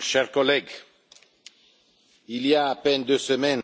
chers collègues il y a à peine deux semaines